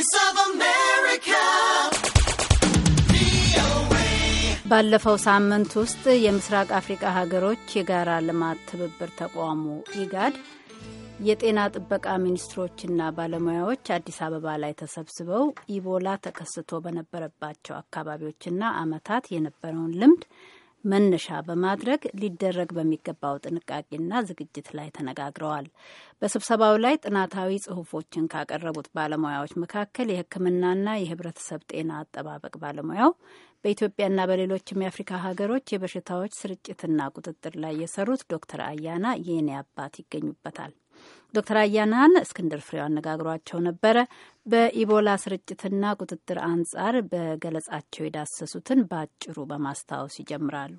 Voice of America. ባለፈው ሳምንት ውስጥ የምስራቅ አፍሪካ ሀገሮች የጋራ ልማት ትብብር ተቋሙ ኢጋድ የጤና ጥበቃ ሚኒስትሮችና ባለሙያዎች አዲስ አበባ ላይ ተሰብስበው ኢቦላ ተከስቶ በነበረባቸው አካባቢዎችና ዓመታት የነበረውን ልምድ መነሻ በማድረግ ሊደረግ በሚገባው ጥንቃቄና ዝግጅት ላይ ተነጋግረዋል። በስብሰባው ላይ ጥናታዊ ጽሁፎችን ካቀረቡት ባለሙያዎች መካከል የሕክምናና የህብረተሰብ ጤና አጠባበቅ ባለሙያው በኢትዮጵያና በሌሎችም የአፍሪካ ሀገሮች የበሽታዎች ስርጭትና ቁጥጥር ላይ የሰሩት ዶክተር አያና የኔ አባት ይገኙበታል። ዶክተር አያናን እስክንድር ፍሬው አነጋግሯቸው ነበረ። በኢቦላ ስርጭትና ቁጥጥር አንጻር በገለጻቸው የዳሰሱትን በአጭሩ በማስታወስ ይጀምራሉ።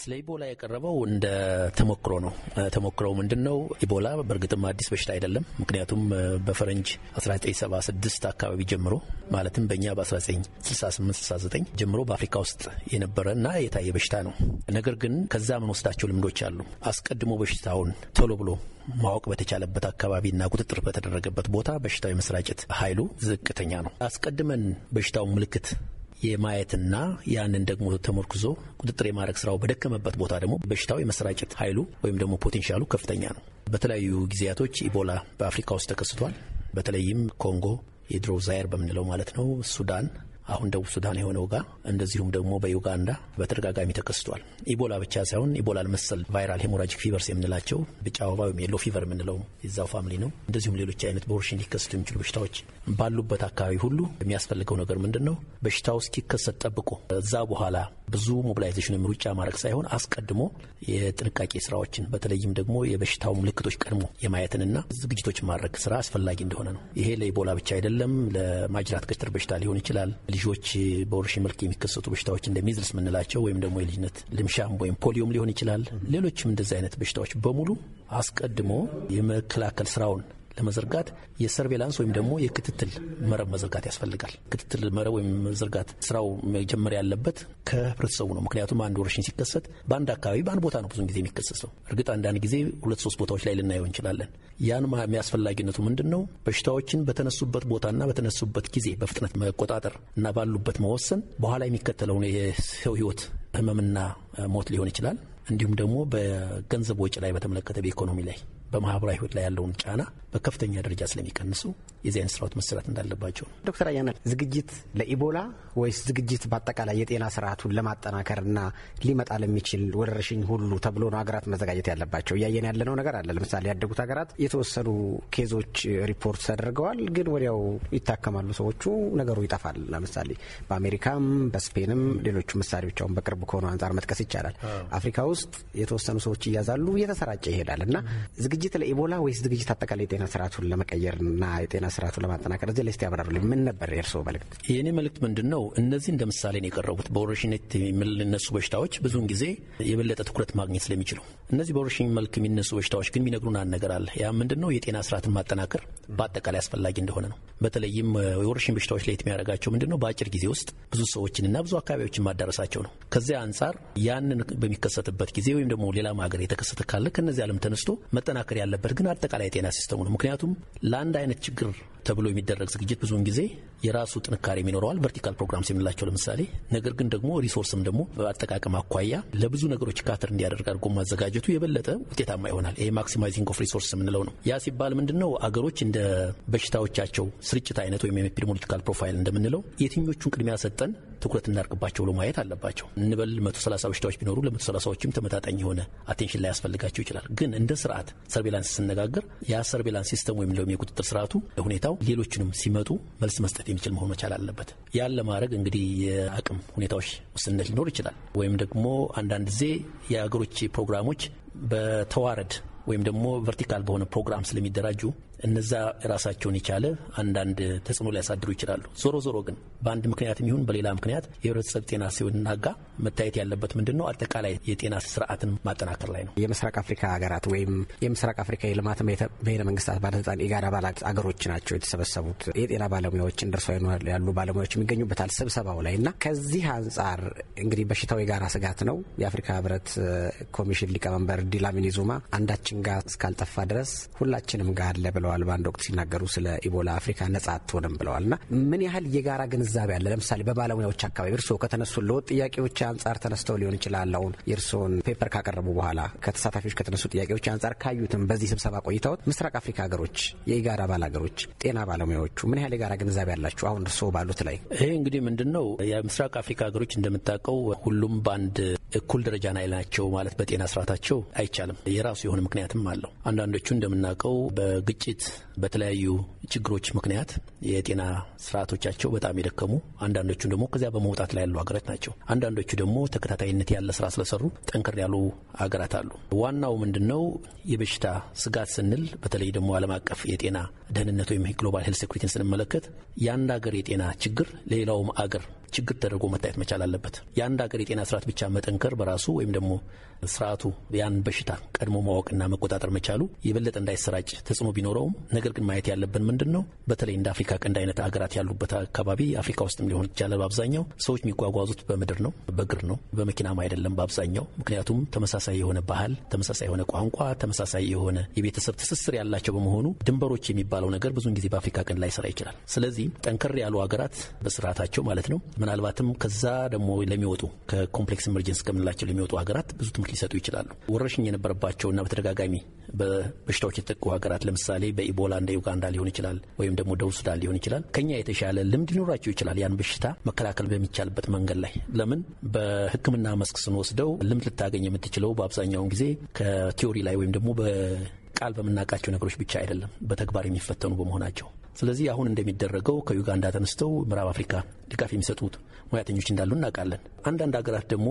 ስለ ኢቦላ የቀረበው እንደ ተሞክሮ ነው። ተሞክሮው ምንድን ነው? ኢቦላ በእርግጥም አዲስ በሽታ አይደለም። ምክንያቱም በፈረንጅ 1976 አካባቢ ጀምሮ ማለትም በእኛ በ1968/69 ጀምሮ በአፍሪካ ውስጥ የነበረ እና የታየ በሽታ ነው። ነገር ግን ከዛ ምን ወስዳቸው ልምዶች አሉ። አስቀድሞ በሽታውን ቶሎ ብሎ ማወቅ በተቻለበት አካባቢና ቁጥጥር በተደረገበት ቦታ በሽታው የመስራጨት ኃይሉ ዝቅተኛ ነው። አስቀድመን በሽታውን ምልክት የማየትና ያንን ደግሞ ተመርክዞ ቁጥጥር የማድረግ ስራው በደከመበት ቦታ ደግሞ በሽታው የመሰራጨት ኃይሉ ወይም ደግሞ ፖቴንሻሉ ከፍተኛ ነው። በተለያዩ ጊዜያቶች ኢቦላ በአፍሪካ ውስጥ ተከስቷል። በተለይም ኮንጎ የድሮ ዛየር በምንለው ማለት ነው፣ ሱዳን አሁን ደቡብ ሱዳን የሆነው ጋር እንደዚሁም ደግሞ በዩጋንዳ በተደጋጋሚ ተከስቷል። ኢቦላ ብቻ ሳይሆን ኢቦላን መሰል ቫይራል ሄሞራጂክ ፊቨርስ የምንላቸው ብጫ አበባ ወይም የሎ ፊቨር የምንለው የዛው ፋሚሊ ነው። እንደዚሁም ሌሎች አይነት በወረርሽኝ ሊከሰቱ የሚችሉ በሽታዎች ባሉበት አካባቢ ሁሉ የሚያስፈልገው ነገር ምንድን ነው? በሽታው እስኪከሰት ጠብቆ እዛ በኋላ ብዙ ሞቢላይዜሽን ወይም ሩጫ ማድረግ ሳይሆን አስቀድሞ የጥንቃቄ ስራዎችን በተለይም ደግሞ የበሽታው ምልክቶች ቀድሞ የማየትንና ዝግጅቶች ማድረግ ስራ አስፈላጊ እንደሆነ ነው። ይሄ ለኢቦላ ብቻ አይደለም፣ ለማጅራት ገትር በሽታ ሊሆን ይችላል ልጆች በወረርሽኝ መልክ የሚከሰቱ በሽታዎች እንደ ሚዝልስ የምንላቸው ወይም ደግሞ የልጅነት ልምሻም ወይም ፖሊዮም ሊሆን ይችላል። ሌሎችም እንደዚህ አይነት በሽታዎች በሙሉ አስቀድሞ የመከላከል ስራውን ለመዘርጋት የሰርቬላንስ ወይም ደግሞ የክትትል መረብ መዘርጋት ያስፈልጋል። ክትትል መረብ ወይም መዘርጋት ስራው መጀመር ያለበት ከህብረተሰቡ ነው። ምክንያቱም አንድ ወረርሽኝ ሲከሰት በአንድ አካባቢ በአንድ ቦታ ነው ብዙ ጊዜ የሚከሰሰው። እርግጥ አንዳንድ ጊዜ ሁለት ሶስት ቦታዎች ላይ ልናየው እንችላለን። ያን የሚያስፈላጊነቱ ምንድን ነው? በሽታዎችን በተነሱበት ቦታና በተነሱበት ጊዜ በፍጥነት መቆጣጠር እና ባሉበት መወሰን በኋላ የሚከተለውን የሰው ህይወት ህመምና ሞት ሊሆን ይችላል። እንዲሁም ደግሞ በገንዘብ ወጪ ላይ በተመለከተ በኢኮኖሚ ላይ በማህበራዊ ህይወት ላይ ያለውን ጫና በከፍተኛ ደረጃ ስለሚቀንሱ የዚህ አይነት መሰራት እንዳለባቸው ነው። ዶክተር አያነ ዝግጅት ለኢቦላ ወይስ ዝግጅት በአጠቃላይ የጤና ስርዓቱን ለማጠናከርና ሊመጣ ለሚችል ወረርሽኝ ሁሉ ተብሎ ነው ሀገራት መዘጋጀት ያለባቸው? እያየን ያለነው ነገር አለ። ለምሳሌ ያደጉት ሀገራት የተወሰኑ ኬዞች ሪፖርት ተደርገዋል፣ ግን ወዲያው ይታከማሉ ሰዎቹ፣ ነገሩ ይጠፋል። ለምሳሌ በአሜሪካም በስፔንም ሌሎቹ ምሳሌዎች አሁን በቅርብ ከሆኑ አንጻር መጥቀስ ይቻላል። አፍሪካ ውስጥ የተወሰኑ ሰዎች እያዛሉ እየተሰራጨ ይሄዳል እና ዝግጅት ዝግጅት ለኢቦላ ወይስ ዝግጅት አጠቃላይ የጤና ስርዓቱን ለመቀየርና የጤና ስርዓቱን ለማጠናከር እዚህ ላይ እስቲ ምን ነበር የእርስዎ መልእክት? የእኔ መልእክት ምንድን ነው? እነዚህ እንደ ምሳሌ ነው የቀረቡት። በወረርሽነት የሚነሱ በሽታዎች ብዙውን ጊዜ የበለጠ ትኩረት ማግኘት ስለሚችሉ እነዚህ በወረርሽኝ መልክ የሚነሱ በሽታዎች ግን የሚነግሩን አንድ ነገር አለ። ያ ምንድን ነው? የጤና ስርዓትን ማጠናከር በአጠቃላይ አስፈላጊ እንደሆነ ነው። በተለይም የወረርሽኝ በሽታዎች ለየት የሚያደርጋቸው ምንድን ነው? በአጭር ጊዜ ውስጥ ብዙ ሰዎችንና ብዙ አካባቢዎችን ማዳረሳቸው ነው። ከዚያ አንጻር ያንን በሚከሰትበት ጊዜ ወይም ደግሞ ሌላ ሀገር የተከሰተ ካለ ከነዚህ ዓለም ተነስቶ መጠናከር መስተካከል ያለበት ግን አጠቃላይ የጤና ሲስተሙ ነው። ምክንያቱም ለአንድ አይነት ችግር ተብሎ የሚደረግ ዝግጅት ብዙውን ጊዜ የራሱ ጥንካሬ የሚኖረዋል። ቨርቲካል ፕሮግራምስ የምንላቸው ለምሳሌ። ነገር ግን ደግሞ ሪሶርስም ደግሞ በአጠቃቀም አኳያ ለብዙ ነገሮች ካተር እንዲያደርግ አድርጎ ማዘጋጀቱ የበለጠ ውጤታማ ይሆናል። ይሄ ማክሲማይዚንግ ኦፍ ሪሶርስ የምንለው ነው። ያ ሲባል ምንድን ነው አገሮች እንደ በሽታዎቻቸው ስርጭት አይነት ወይም ኤፒዲሞሎጂካል ፕሮፋይል እንደምንለው የትኞቹን ቅድሚያ ሰጠን ትኩረት እናርግባቸው ብሎ ማየት አለባቸው። እንበል ሰላሳ በሽታዎች ቢኖሩ ለመቶ ሰላሳዎችም ተመጣጣኝ የሆነ አቴንሽን ላይ ያስፈልጋቸው ይችላል። ግን እንደ ስርዓት ሰርቤላንስ ስነጋገር ያ ሰርቤላንስ ሲስተም ወይም የቁጥጥር ስርዓቱ ሁኔታ? ሌላው ሌሎችንም ሲመጡ መልስ መስጠት የሚችል መሆን መቻል አለበት። ያን ለማድረግ እንግዲህ የአቅም ሁኔታዎች ውስንነት ሊኖር ይችላል። ወይም ደግሞ አንዳንድ ጊዜ የአገሮች ፕሮግራሞች በተዋረድ ወይም ደግሞ ቨርቲካል በሆነ ፕሮግራም ስለሚደራጁ እነዛ ራሳቸውን የቻለ አንዳንድ ተጽዕኖ ሊያሳድሩ ይችላሉ። ዞሮ ዞሮ ግን በአንድ ምክንያትም ይሁን በሌላ ምክንያት የህብረተሰብ ጤና ሲናጋ መታየት ያለበት ምንድን ነው? አጠቃላይ የጤና ስርዓትን ማጠናከር ላይ ነው። የምስራቅ አፍሪካ ሀገራት ወይም የምስራቅ አፍሪካ የልማት ብሔረ መንግስታት ባለስልጣን የጋራ አባላት አገሮች ናቸው የተሰበሰቡት የጤና ባለሙያዎች ደርሶ ያሉ ባለሙያዎች የሚገኙበታል ስብሰባው ላይ እና ከዚህ አንጻር እንግዲህ በሽታው የጋራ ስጋት ነው። የአፍሪካ ህብረት ኮሚሽን ሊቀመንበር ዲላሚኒ ዙማ አንዳችን ጋር እስካልጠፋ ድረስ ሁላችንም ጋር አለ ብለዋል። ብለዋል። በአንድ ወቅት ሲናገሩ ስለ ኢቦላ አፍሪካ ነጻ አትሆንም ብለዋል እና ምን ያህል የጋራ ግንዛቤ አለ? ለምሳሌ በባለሙያዎች አካባቢ እርስዎ ከተነሱ ለውጥ ጥያቄዎች አንጻር ተነስተው ሊሆን ይችላል። አሁን የእርስዎን ፔፐር ካቀረቡ በኋላ ከተሳታፊዎች ከተነሱ ጥያቄዎች አንጻር ካዩትም በዚህ ስብሰባ ቆይታዎት ምስራቅ አፍሪካ ሀገሮች የኢጋድ አባል ሀገሮች ጤና ባለሙያዎቹ ምን ያህል የጋራ ግንዛቤ አላችሁ? አሁን እርስዎ ባሉት ላይ ይሄ እንግዲህ ምንድን ነው የምስራቅ አፍሪካ ሀገሮች እንደምታውቀው ሁሉም በአንድ እኩል ደረጃ ላይ ናቸው ማለት በጤና ስርዓታቸው አይቻልም። የራሱ የሆነ ምክንያትም አለው። አንዳንዶቹ እንደምናውቀው በግጭት በተለያዩ ችግሮች ምክንያት የጤና ስርዓቶቻቸው በጣም የደከሙ አንዳንዶቹ ደግሞ ከዚያ በመውጣት ላይ ያሉ ሀገራት ናቸው። አንዳንዶቹ ደግሞ ተከታታይነት ያለ ስራ ስለሰሩ ጠንከር ያሉ ሀገራት አሉ። ዋናው ምንድን ነው? የበሽታ ስጋት ስንል በተለይ ደግሞ ዓለም አቀፍ የጤና ደህንነት ወይም ግሎባል ሄልት ሴኩሪቲን ስንመለከት የአንድ ሀገር የጤና ችግር ለሌላውም አገር ችግር ተደርጎ መታየት መቻል አለበት። የአንድ ሀገር የጤና ስርዓት ብቻ መጠንከር በራሱ ወይም ደግሞ ስርዓቱ ያን በሽታ ቀድሞ ማወቅና መቆጣጠር መቻሉ የበለጠ እንዳይሰራጭ ተጽዕኖ ቢኖረውም ነገር ግን ማየት ያለብን ምንድን ነው በተለይ እንደ አፍሪካ ቀንድ አይነት አገራት ያሉበት አካባቢ አፍሪካ ውስጥም ሊሆን ይቻላል። በአብዛኛው ሰዎች የሚጓጓዙት በምድር ነው፣ በእግር ነው፣ በመኪናም አይደለም በአብዛኛው ምክንያቱም ተመሳሳይ የሆነ ባህል፣ ተመሳሳይ የሆነ ቋንቋ፣ ተመሳሳይ የሆነ የቤተሰብ ትስስር ያላቸው በመሆኑ ድንበሮች የሚባለው ነገር ብዙን ጊዜ በአፍሪካ ቀንድ ላይ ስራ ይችላል። ስለዚህ ጠንከር ያሉ ሀገራት በስርዓታቸው ማለት ነው ምናልባትም ከዛ ደግሞ ለሚወጡ ከኮምፕሌክስ ኢመርጀንስ ከምንላቸው ለሚወጡ ሀገራት ብዙ ትምህርት ሊሰጡ ይችላሉ። ወረርሽኝ የነበረባቸውና በተደጋጋሚ በበሽታዎች የተጠቁ ሀገራት ለምሳሌ በኢቦላ እንደ ዩጋንዳ ሊሆን ይችላል፣ ወይም ደግሞ ደቡብ ሱዳን ሊሆን ይችላል። ከኛ የተሻለ ልምድ ሊኖራቸው ይችላል። ያን በሽታ መከላከል በሚቻልበት መንገድ ላይ ለምን በሕክምና መስክ ስንወስደው ልምድ ልታገኝ የምትችለው በአብዛኛውን ጊዜ ከቲዮሪ ላይ ወይም ደግሞ በቃል በምናውቃቸው ነገሮች ብቻ አይደለም፣ በተግባር የሚፈተኑ በመሆናቸው። ስለዚህ አሁን እንደሚደረገው ከዩጋንዳ ተነስተው ምዕራብ አፍሪካ ድጋፍ የሚሰጡት ሙያተኞች እንዳሉ እናውቃለን። አንዳንድ ሀገራት ደግሞ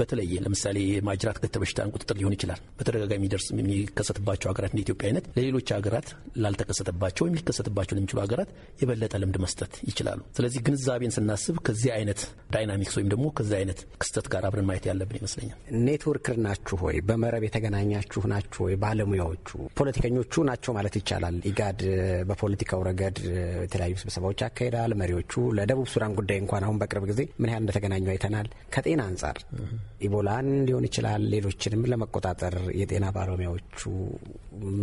በተለየ ለምሳሌ የማጅራት ገት በሽታን ቁጥጥር ሊሆን ይችላል። በተደጋጋሚ ደርስ የሚከሰትባቸው ሀገራት እንደ ኢትዮጵያ አይነት ለሌሎች ሀገራት ላልተከሰተባቸው ወይም ሊከሰትባቸው ለሚችሉ ሀገራት የበለጠ ልምድ መስጠት ይችላሉ። ስለዚህ ግንዛቤን ስናስብ ከዚህ አይነት ዳይናሚክስ ወይም ደግሞ ከዚህ አይነት ክስተት ጋር አብረን ማየት ያለብን ይመስለኛል። ኔትወርክር ናችሁ ወይ? በመረብ የተገናኛችሁ ናችሁ ወይ? ባለሙያዎቹ ፖለቲከኞቹ ናቸው ማለት ይቻላል። ኢጋድ በፖለቲካው ረገድ የተለያዩ ስብሰባዎች ያካሂዳል። መሪዎቹ ለደቡብ ሱዳን ጉዳይ እንኳን አሁን በቅርብ ጊዜ ምን ያህል እንደተገናኙ አይተናል። ከጤና አንጻር ኢቦላን ሊሆን ይችላል ሌሎችንም ለመቆጣጠር የጤና ባለሙያዎቹ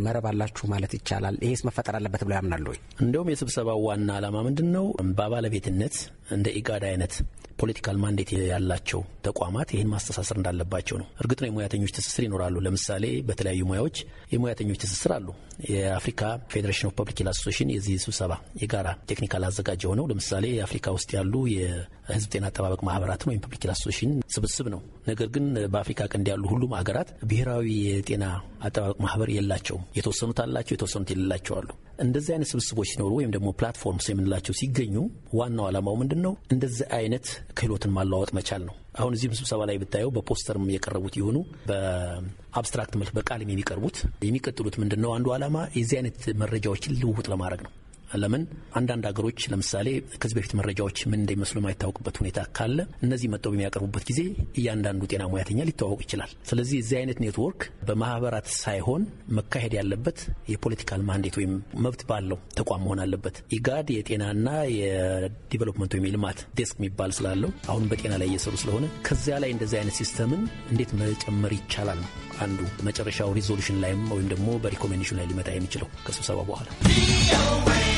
መረብ አላችሁ ማለት ይቻላል። ይሄስ መፈጠር አለበት ብለው ያምናሉ ወይ? እንዲሁም የስብሰባው ዋና ዓላማ ምንድን ነው? በባለቤትነት እንደ ኢጋድ አይነት ፖለቲካል ማንዴት ያላቸው ተቋማት ይህን ማስተሳሰር እንዳለባቸው ነው። እርግጥ ነው የሙያተኞች ትስስር ይኖራሉ። ለምሳሌ በተለያዩ ሙያዎች የሙያተኞች ትስስር አሉ። የአፍሪካ ፌዴሬሽን ኦፍ ፐብሊክ ሄልዝ አሶሲሽን የዚህ ስብሰባ የጋራ ቴክኒካል አዘጋጅ የሆነው ለምሳሌ የአፍሪካ ውስጥ ያሉ የህዝብ ጤና አጠባበቅ ማህበራትን ወይም ፐብሊክ ሄልዝ አሶሲሽን ስብስብ ነው። ነገር ግን በአፍሪካ ቀንድ ያሉ ሁሉም ሀገራት ብሔራዊ የጤና አጠባበቅ ማህበር የላቸውም። የተወሰኑት አላቸው፣ የተወሰኑት የሌላቸዋሉ። አሉ። እንደዚህ አይነት ስብስቦች ሲኖሩ ወይም ደግሞ ፕላትፎርምስ የምንላቸው ሲገኙ ዋናው ዓላማው ምንድን ነው? እንደዚህ አይነት ክህሎትን ማለዋወጥ መቻል ነው። አሁን እዚህም ስብሰባ ላይ ብታየው በፖስተርም የቀረቡት የሆኑ በአብስትራክት መልክ በቃልም የሚቀርቡት የሚቀጥሉት ምንድን ነው? አንዱ ዓላማ የዚህ አይነት መረጃዎችን ልውውጥ ለማድረግ ነው። ለምን አንዳንድ ሀገሮች ለምሳሌ ከዚህ በፊት መረጃዎች ምን እንደሚመስሉ የማይታወቅበት ሁኔታ ካለ እነዚህ መጥተው በሚያቀርቡበት ጊዜ እያንዳንዱ ጤና ሙያተኛ ሊተዋወቅ ይችላል። ስለዚህ እዚህ አይነት ኔትወርክ በማህበራት ሳይሆን መካሄድ ያለበት የፖለቲካል ማንዴት ወይም መብት ባለው ተቋም መሆን አለበት። ኢጋድ የጤናና የዲቨሎፕመንት ወይም የልማት ዴስክ የሚባል ስላለው አሁንም በጤና ላይ እየሰሩ ስለሆነ ከዚያ ላይ እንደዚህ አይነት ሲስተምን እንዴት መጨመር ይቻላል ነው አንዱ መጨረሻው ሪዞሉሽን ላይም ወይም ደግሞ በሪኮሜንዴሽን ላይ ሊመጣ የሚችለው ከስብሰባ በኋላ